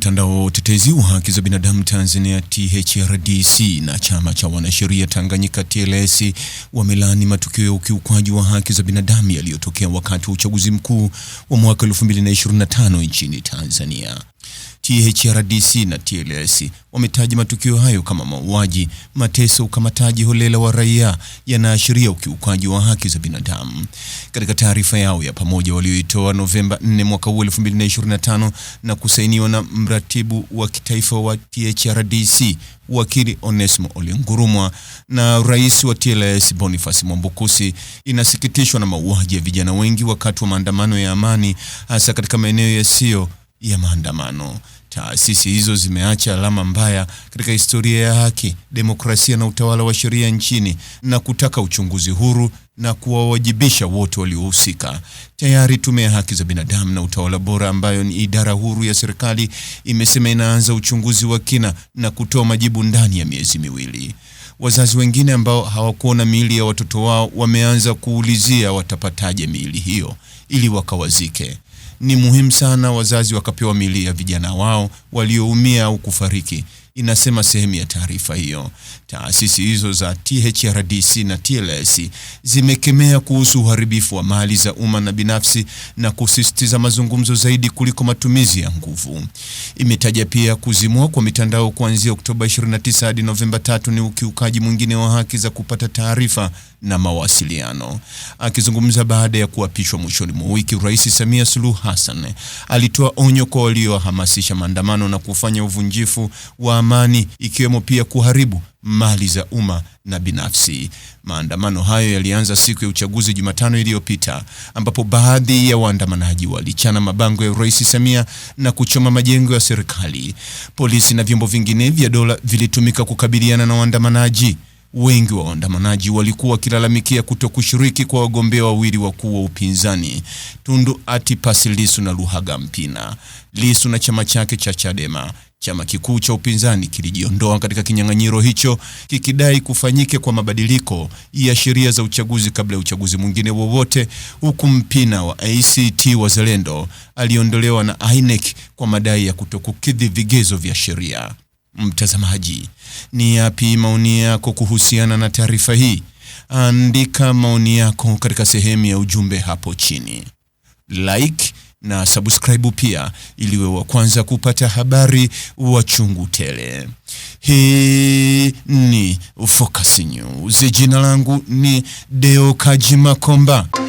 mtandao wa utetezi wa haki za binadamu Tanzania THRDC na chama cha wanasheria Tanganyika TLS wamelaani matukio ya ukiukwaji wa haki za binadamu yaliyotokea wakati wa uchaguzi mkuu wa mwaka 2025 nchini Tanzania. THRDC na TLS wametaja matukio hayo kama mauaji, mateso, ukamataji holela wa raia yanaashiria ukiukaji wa haki za binadamu. Katika taarifa yao ya pamoja walioitoa Novemba 4 mwaka huu 2025 na kusainiwa na mratibu wa kitaifa wa THRDC Wakili Onesmo olingurumwa na rais wa TLS Boniface Mwambukusi, inasikitishwa na mauaji ya vijana wengi wakati wa maandamano ya amani, hasa katika maeneo yasiyo ya maandamano. Taasisi hizo zimeacha alama mbaya katika historia ya haki, demokrasia na utawala wa sheria nchini na kutaka uchunguzi huru na kuwawajibisha wote waliohusika. Tayari Tume ya Haki za Binadamu na Utawala Bora, ambayo ni idara huru ya serikali, imesema inaanza uchunguzi wa kina na kutoa majibu ndani ya miezi miwili. Wazazi wengine ambao hawakuona miili ya watoto wao wameanza kuulizia watapataje miili hiyo ili wakawazike ni muhimu sana wazazi wakapewa mili ya vijana wao walioumia au kufariki inasema sehemu ya taarifa hiyo. Taasisi hizo za THRDC na TLS zimekemea kuhusu uharibifu wa mali za umma na binafsi na kusisitiza mazungumzo zaidi kuliko matumizi ya nguvu. Imetaja pia kuzimwa kwa mitandao kuanzia Oktoba 29 hadi Novemba 3 ni ukiukaji mwingine wa haki za kupata taarifa na mawasiliano. Akizungumza baada ya kuapishwa mwishoni mwa wiki, Rais Samia Suluhu Hassan alitoa onyo kwa waliohamasisha maandamano na kufanya uvunjifu wa amani, ikiwemo pia kuharibu mali za umma na binafsi. Maandamano hayo yalianza siku ya uchaguzi Jumatano iliyopita, ambapo baadhi ya waandamanaji walichana mabango ya Rais Samia na kuchoma majengo ya serikali. Polisi na vyombo vingine vya dola vilitumika kukabiliana na waandamanaji. Wengi wa waandamanaji walikuwa wakilalamikia kuto kushiriki kwa wagombea wawili wakuu wa upinzani, Tundu Antipas Lissu na Luhaga Mpina. Lissu na chama chake cha Chadema, chama kikuu cha upinzani, kilijiondoa katika kinyang'anyiro hicho kikidai kufanyike kwa mabadiliko ya sheria za uchaguzi kabla ya uchaguzi mwingine wowote, huku Mpina wa ACT Wazalendo aliondolewa na INEC kwa madai ya kutokukidhi vigezo vya sheria. Mtazamaji, ni yapi maoni yako kuhusiana na taarifa hii? Andika maoni yako katika sehemu ya ujumbe hapo chini. Like na subscribe pia iliwe wa kwanza kupata habari wa chungu tele. Hii ni Focus News. Jina langu ni Deo Kaji Makomba.